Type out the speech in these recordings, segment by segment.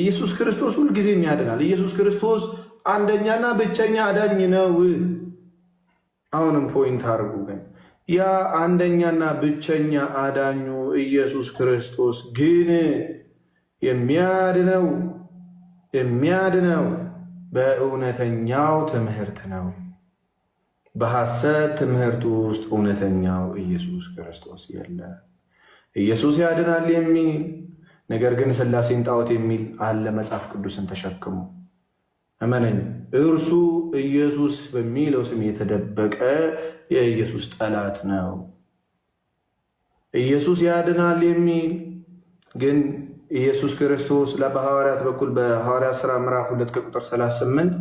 ኢየሱስ ክርስቶስ ሁልጊዜም ያድናል። ኢየሱስ ክርስቶስ አንደኛና ብቸኛ አዳኝ ነው። አሁንም ፖይንት አድርጉ። ግን ያ አንደኛና ብቸኛ አዳኙ ኢየሱስ ክርስቶስ ግን የሚያድነው የሚያድነው በእውነተኛው ትምህርት ነው። በሐሰት ትምህርት ውስጥ እውነተኛው ኢየሱስ ክርስቶስ የለ። ኢየሱስ ያድናል የሚል ነገር ግን ስላሴን ጣዖት የሚል አለ መጽሐፍ ቅዱስን ተሸክሙ እመነኝ። እርሱ ኢየሱስ በሚለው ስም የተደበቀ የኢየሱስ ጠላት ነው። ኢየሱስ ያድናል የሚል ግን ኢየሱስ ክርስቶስ በሐዋርያት በኩል በሐዋርያት ሥራ ምዕራፍ ሁለት ከቁጥር 38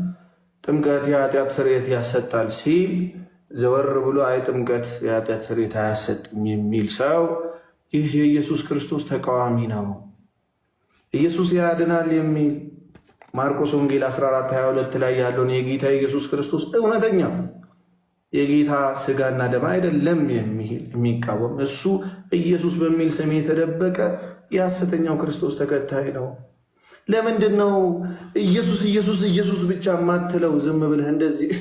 ጥምቀት የኃጢአት ስርየት ያሰጣል ሲል ዘወር ብሎ አይ ጥምቀት የኃጢአት ስርየት አያሰጥም የሚል ሰው ይህ የኢየሱስ ክርስቶስ ተቃዋሚ ነው። ኢየሱስ ያድናል የሚል ማርቆስ ወንጌል 14 22 ላይ ያለውን የጌታ ኢየሱስ ክርስቶስ እውነተኛ የጌታ ስጋና ደም አይደለም የሚል የሚቃወም እሱ ኢየሱስ በሚል ስም የተደበቀ የሐሰተኛው ክርስቶስ ተከታይ ነው። ለምንድን ነው ኢየሱስ ኢየሱስ ኢየሱስ ብቻ የማትለው? ዝም ብለህ እንደዚህ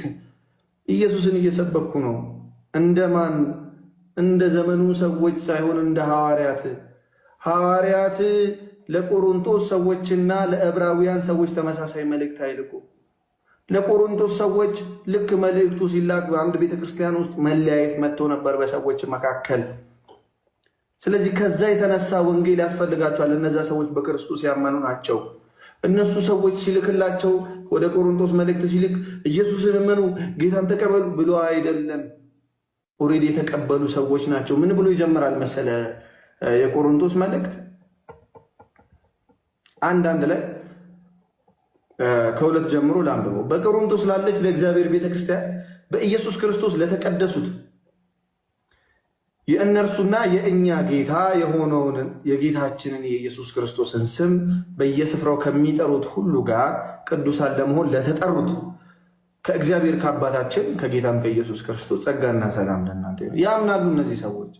ኢየሱስን እየሰበኩ ነው። እንደማን እንደ ዘመኑ ሰዎች ሳይሆን እንደ ሐዋርያት ሐዋርያት ለቆሮንቶስ ሰዎችና ለዕብራውያን ሰዎች ተመሳሳይ መልእክት አይልኩ። ለቆሮንቶስ ሰዎች ልክ መልእክቱ ሲላክ በአንድ ቤተክርስቲያን ውስጥ መለያየት መጥቶ ነበር በሰዎች መካከል። ስለዚህ ከዛ የተነሳ ወንጌል ያስፈልጋቸዋል። እነዛ ሰዎች በክርስቶስ ያመኑ ናቸው። እነሱ ሰዎች ሲልክላቸው ወደ ቆሮንቶስ መልእክት ሲልክ ኢየሱስን እመኑ፣ ጌታን ተቀበሉ ብሎ አይደለም። ኦልሬዲ የተቀበሉ ሰዎች ናቸው። ምን ብሎ ይጀምራል መሰለ የቆሮንቶስ መልእክት አንዳንድ ላይ ከሁለት ጀምሮ ላንብበው። በቆሮንቶ ስላለች ለእግዚአብሔር ቤተክርስቲያን በኢየሱስ ክርስቶስ ለተቀደሱት የእነርሱና የእኛ ጌታ የሆነውን የጌታችንን የኢየሱስ ክርስቶስን ስም በየስፍራው ከሚጠሩት ሁሉ ጋር ቅዱሳን ለመሆን ለተጠሩት ከእግዚአብሔር ከአባታችን ከጌታም ከኢየሱስ ክርስቶስ ጸጋና ሰላም ለእናንተ ያምናሉ እነዚህ ሰዎች።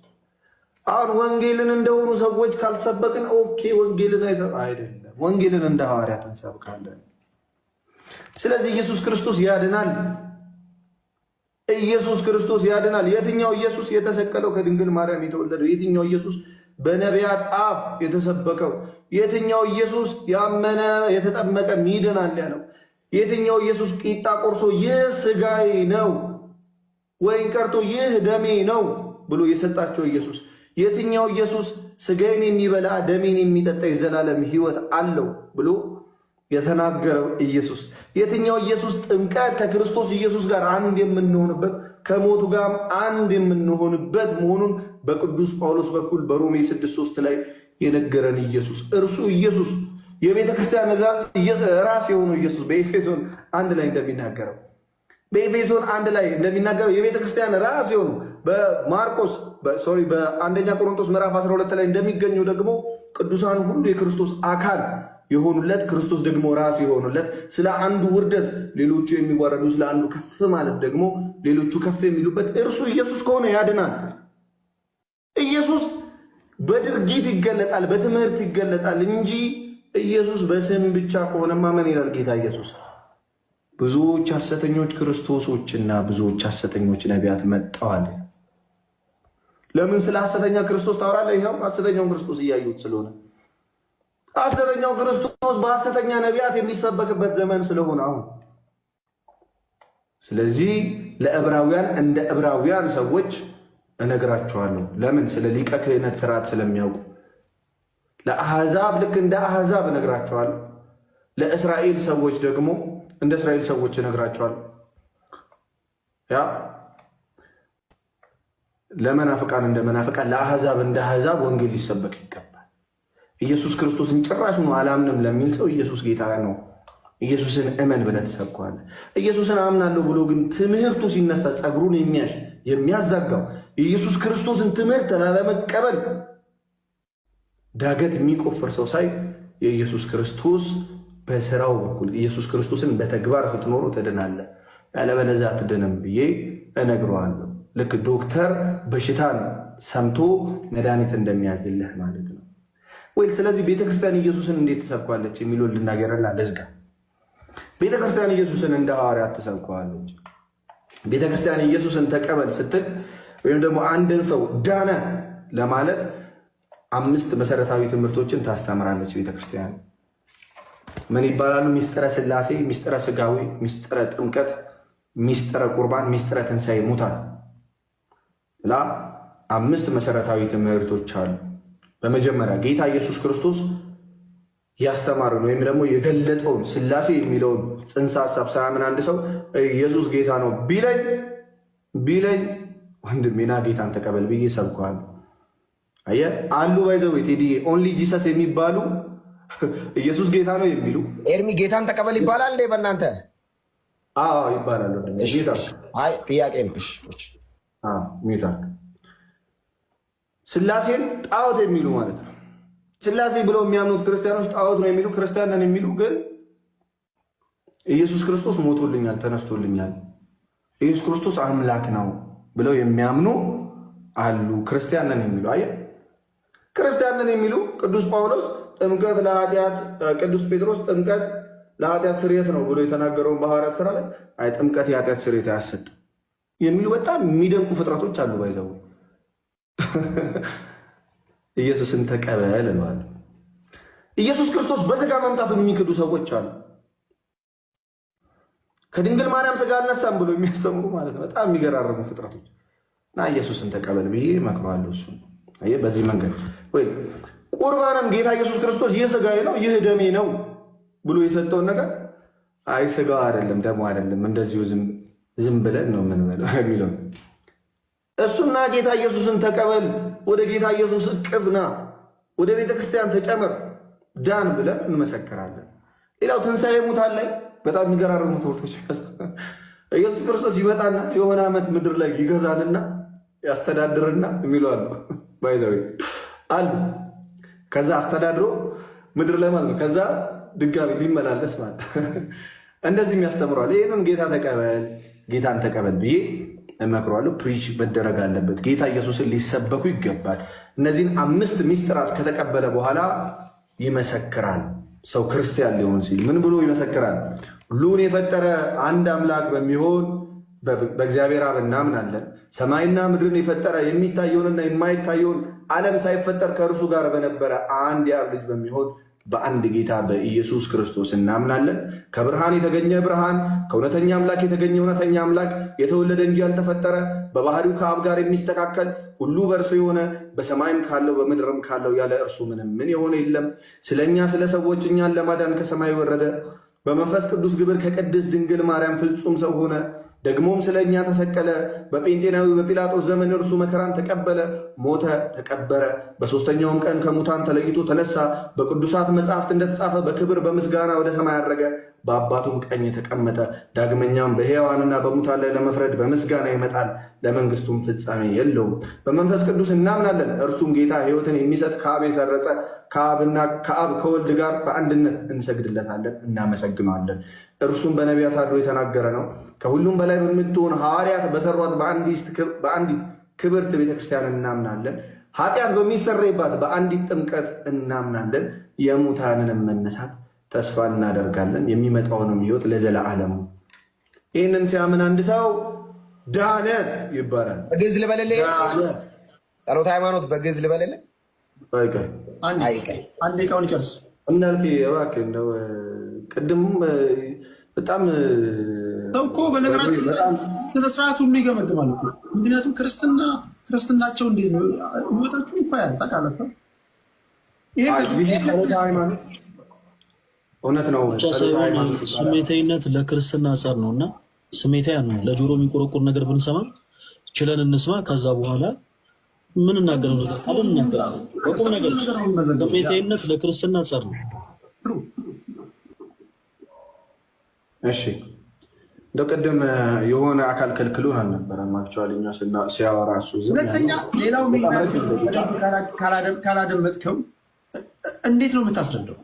አሁን ወንጌልን እንደሆኑ ሰዎች ካልሰበክን ኦኬ፣ ወንጌልን አይደለም ወንጌልን እንደ ሐዋርያት እንሰብካለን። ስለዚህ ኢየሱስ ክርስቶስ ያድናል። ኢየሱስ ክርስቶስ ያድናል። የትኛው ኢየሱስ? የተሰቀለው ከድንግል ማርያም የተወለደው። የትኛው ኢየሱስ? በነቢያት አፍ የተሰበከው። የትኛው ኢየሱስ? ያመነ የተጠመቀ ይድናል ያለው። የትኛው ኢየሱስ? ቂጣ ቆርሶ ይህ ስጋዬ ነው፣ ወይን ቀርቶ ይህ ደሜ ነው ብሎ የሰጣቸው ኢየሱስ። የትኛው ኢየሱስ? ስጋዬን የሚበላ ደሜን የሚጠጣ የዘላለም ህይወት አለው ብሎ የተናገረው ኢየሱስ የትኛው ኢየሱስ? ጥምቀት ከክርስቶስ ኢየሱስ ጋር አንድ የምንሆንበት ከሞቱ ጋር አንድ የምንሆንበት መሆኑን በቅዱስ ጳውሎስ በኩል በሮሜ 6፥3 ላይ የነገረን ኢየሱስ እርሱ ኢየሱስ የቤተ ክርስቲያን ራስ የሆነው ኢየሱስ በኤፌሶን አንድ ላይ እንደሚናገረው በኤፌሶን አንድ ላይ እንደሚናገረው የቤተ ክርስቲያን ራስ የሆነው በማርቆስ ሶሪ በአንደኛ ቆሮንቶስ ምዕራፍ 12 ላይ እንደሚገኘው ደግሞ ቅዱሳን ሁሉ የክርስቶስ አካል የሆኑለት ክርስቶስ ደግሞ ራስ የሆኑለት ስለ አንዱ ውርደት ሌሎቹ የሚዋረዱ ስለ አንዱ ከፍ ማለት ደግሞ ሌሎቹ ከፍ የሚሉበት እርሱ ኢየሱስ ከሆነ ያድናል። ኢየሱስ በድርጊት ይገለጣል፣ በትምህርት ይገለጣል እንጂ ኢየሱስ በስም ብቻ ከሆነማ ምን ይላል ጌታ ኢየሱስ? ብዙዎች ሐሰተኞች ክርስቶሶችና ብዙዎች ሐሰተኞች ነቢያት መጥተዋል። ለምን ስለ ሐሰተኛ ክርስቶስ ታወራለህ? ይኸውም ሐሰተኛውን ክርስቶስ እያዩት ስለሆነ ሐሰተኛው ክርስቶስ በሐሰተኛ ነቢያት የሚሰበክበት ዘመን ስለሆነ አሁን ስለዚህ ለዕብራውያን እንደ ዕብራውያን ሰዎች እነግራቸዋለሁ። ለምን ስለ ሊቀ ክህነት ስርዓት ስለሚያውቁ። ለአሕዛብ ልክ እንደ አሕዛብ እነግራቸዋለሁ። ለእስራኤል ሰዎች ደግሞ እንደ እስራኤል ሰዎች እነግራቸዋለሁ ያ ለመናፍቃን እንደ መናፍቃን ለአህዛብ እንደ አህዛብ ወንጌል ሊሰበክ ይገባል። ኢየሱስ ክርስቶስን ጭራሽ ነው አላምንም ለሚል ሰው ኢየሱስ ጌታ ነው፣ ኢየሱስን እመን ብለህ ትሰብከዋለህ። ኢየሱስን አምናለሁ ብሎ ግን ትምህርቱ ሲነሳ ጸጉሩን የሚያሽ የሚያዛጋው የኢየሱስ ክርስቶስን ትምህርት ላለመቀበል ዳገት የሚቆፍር ሰው ሳይ የኢየሱስ ክርስቶስ በስራው በኩል ኢየሱስ ክርስቶስን በተግባር ስትኖሩ ትድናለህ፣ ያለበለዚያ አትድንም ብዬ እነግረዋለሁ። ልክ ዶክተር በሽታን ሰምቶ መድኃኒት እንደሚያዝልህ ማለት ነው ወይ? ስለዚህ ቤተክርስቲያን ኢየሱስን እንዴት ትሰብኳለች የሚለውን ልናገርና ልዝጋ። ቤተክርስቲያን ኢየሱስን እንደ ሐዋርያት ትሰብከዋለች። ቤተክርስቲያን ኢየሱስን ተቀበል ስትል ወይም ደግሞ አንድን ሰው ዳነ ለማለት አምስት መሰረታዊ ትምህርቶችን ታስተምራለች ቤተክርስቲያን። ምን ይባላሉ? ሚስጥረ ስላሴ፣ ሚስጥረ ስጋዊ፣ ሚስጥረ ጥምቀት፣ ሚስጥረ ቁርባን፣ ሚስጥረ ትንሣኤ ሙታን ብላ አምስት መሰረታዊ ትምህርቶች አሉ። በመጀመሪያ ጌታ ኢየሱስ ክርስቶስ ያስተማርን ወይም ደግሞ የገለጠውን ስላሴ የሚለውን ጽንሰ ሀሳብ ሳያምን አንድ ሰው ኢየሱስ ጌታ ነው ቢለኝ ቢለኝ ወንድሜ ና ጌታን ተቀበል ብዬ ሰብከዋል። አየ አሉ ባይዘው ቴዲ ኦንሊ ጂሰስ የሚባሉ ኢየሱስ ጌታ ነው የሚሉ ኤርሚ ጌታን ተቀበል ይባላል እንዴ? በእናንተ ይባላል። ጌታ ጥያቄ ነው። ስላሴን ጣዖት የሚሉ ማለት ነው። ስላሴ ብለው የሚያምኑት ክርስቲያኖች ጣዖት ነው የሚሉ ክርስቲያን ነን የሚሉ ግን ኢየሱስ ክርስቶስ ሞቶልኛል፣ ተነስቶልኛል፣ ኢየሱስ ክርስቶስ አምላክ ነው ብለው የሚያምኑ አሉ። ክርስቲያን ነን የሚሉ አየህ፣ ክርስቲያን ነን የሚሉ ቅዱስ ጳውሎስ ጥምቀት ለኃጢአት ቅዱስ ጴጥሮስ ጥምቀት ለኃጢአት ስርየት ነው ብሎ የተናገረውን በሐዋርያት ስራ ላይ አይ ጥምቀት የኃጢአት ስርየት አያሰጥም የሚሉ በጣም የሚደንቁ ፍጥረቶች አሉ። ባይዘው ኢየሱስን ተቀበል እንለዋለን። ኢየሱስ ክርስቶስ በስጋ መምጣቱን የሚክዱ ሰዎች አሉ። ከድንግል ማርያም ስጋ አልነሳም ብሎ የሚያስተምሩ ማለት ነው። በጣም የሚገራረሙ ፍጥረቶች እና ኢየሱስን ተቀበል ብዬ እመክረዋለሁ። እሱ በዚህ መንገድ ወይ ቁርባንም ጌታ ኢየሱስ ክርስቶስ ይህ ስጋዬ ነው ይህ ደሜ ነው ብሎ የሰጠውን ነገር አይ ስጋው አይደለም ደሞ አይደለም እንደዚሁ ዝም ዝም ብለን ነው የምንበለው የሚለው እሱና ጌታ ኢየሱስን ተቀበል፣ ወደ ጌታ ኢየሱስ እቅፍና ወደ ቤተ ክርስቲያን ተጨመር፣ ዳን ብለን እንመሰክራለን። ሌላው ትንሣኤ ሙታን ላይ በጣም የሚገራርሙ ትምህርቶች ኢየሱስ ክርስቶስ ይመጣና የሆነ ዓመት ምድር ላይ ይገዛንና ያስተዳድርና የሚሉ አሉ። ባይዛዊ አሉ። ከዛ አስተዳድሮ ምድር ላይ ማለት ነው። ከዛ ድጋሚ ሊመላለስ ማለት እንደዚህም ያስተምረዋል። ይህንም ጌታ ተቀበል ጌታን ተቀበል ብዬ እመክረዋለሁ። ፕሪች መደረግ አለበት። ጌታ ኢየሱስን ሊሰበኩ ይገባል። እነዚህን አምስት ሚስጥራት ከተቀበለ በኋላ ይመሰክራል። ሰው ክርስቲያን ሊሆን ሲል ምን ብሎ ይመሰክራል? ሁሉን የፈጠረ አንድ አምላክ በሚሆን በእግዚአብሔር አብ እናምናለን። ሰማይና ምድርን የፈጠረ የሚታየውንና የማይታየውን ዓለም ሳይፈጠር ከእርሱ ጋር በነበረ አንድ የአብ ልጅ በሚሆን በአንድ ጌታ በኢየሱስ ክርስቶስ እናምናለን። ከብርሃን የተገኘ ብርሃን፣ ከእውነተኛ አምላክ የተገኘ እውነተኛ አምላክ፣ የተወለደ እንጂ ያልተፈጠረ፣ በባህሪው ከአብ ጋር የሚስተካከል ሁሉ በእርሱ የሆነ በሰማይም ካለው በምድርም ካለው ያለ እርሱ ምንም ምን የሆነ የለም። ስለ እኛ ስለ ሰዎች እኛን ለማዳን ከሰማይ ወረደ። በመንፈስ ቅዱስ ግብር ከቅድስት ድንግል ማርያም ፍጹም ሰው ሆነ። ደግሞም ስለ እኛ ተሰቀለ። በጴንጤናዊ በጲላጦስ ዘመን እርሱ መከራን ተቀበለ፣ ሞተ፣ ተቀበረ። በሦስተኛውም ቀን ከሙታን ተለይቶ ተነሳ፣ በቅዱሳት መጻሕፍት እንደተጻፈ በክብር በምስጋና ወደ ሰማይ አድረገ። በአባቱም ቀኝ የተቀመጠ ዳግመኛም በሕያዋንና በሙታን ላይ ለመፍረድ በምስጋና ይመጣል። ለመንግስቱም ፍጻሜ የለውም። በመንፈስ ቅዱስ እናምናለን። እርሱም ጌታ ሕይወትን የሚሰጥ ከአብ የሰረጸ ከአብና ከአብ ከወልድ ጋር በአንድነት እንሰግድለታለን፣ እናመሰግነዋለን። እርሱም በነቢያት አድሮ የተናገረ ነው። ከሁሉም በላይ በምትሆን ሐዋርያት በሰሯት በአንዲት ክብርት ቤተክርስቲያን እናምናለን። ኃጢአት በሚሰረይባት በአንዲት ጥምቀት እናምናለን። የሙታንንም መነሳት ተስፋ እናደርጋለን የሚመጣውንም ህይወት ለዘለዓለሙ። ይህንን ሲያምን አንድ ሰው ዳነ ይባላል። በግዕዝ ልበልልህ፣ ጸሎተ ሃይማኖት በግዕዝ ልበልልህ። ቃውን ጨርስ እናልፊ እባክህ። እንደው ቅድም በጣም ሰው እኮ በነገራችን ስነ ይገመግማል ምክንያቱም ክርስትና ክርስትናቸው እንዴት ነው ህይወታችሁ ይፋያል ታውቃለህ። ይሄ ሃይማኖት እውነት ነው ብቻ ሳይሆን ስሜታዊነት ለክርስትና ጸር ነው እና ስሜታዊ ነው። ለጆሮ የሚቆረቁር ነገር ብንሰማ ችለን እንስማ። ከዛ በኋላ ምን እናገረው ነገር አለ በቁም ነገር። ስሜታዊነት ለክርስትና ጸር ነው። እሺ እንደ ቅድም የሆነ አካል ክልክሉ አልነበረም። አክቹዋሊ እኛ ሲያወራ እሱ ሁለተኛ፣ ሌላው ካላደመጥከው እንዴት ነው የምታስረዳው?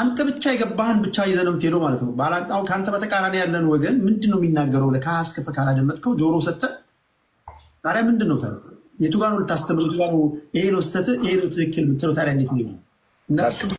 አንተ ብቻ የገባህን ብቻ ይዘህ ነው የምትሄደው ማለት ነው። ባላጣው ከአንተ በተቃራኒ ያለን ወገን ምንድን ነው የሚናገረው ብለህ ከአስከፈ ካላደመጥከው ጆሮ ሰጥተህ ታዲያ ምንድን ነው ታዲያ የቱ ጋር ነው ልታስተምረው? ይሄ ነው ስህተት፣ ይሄ ነው ትክክል የምትለው ታዲያ እንዴት ነው እና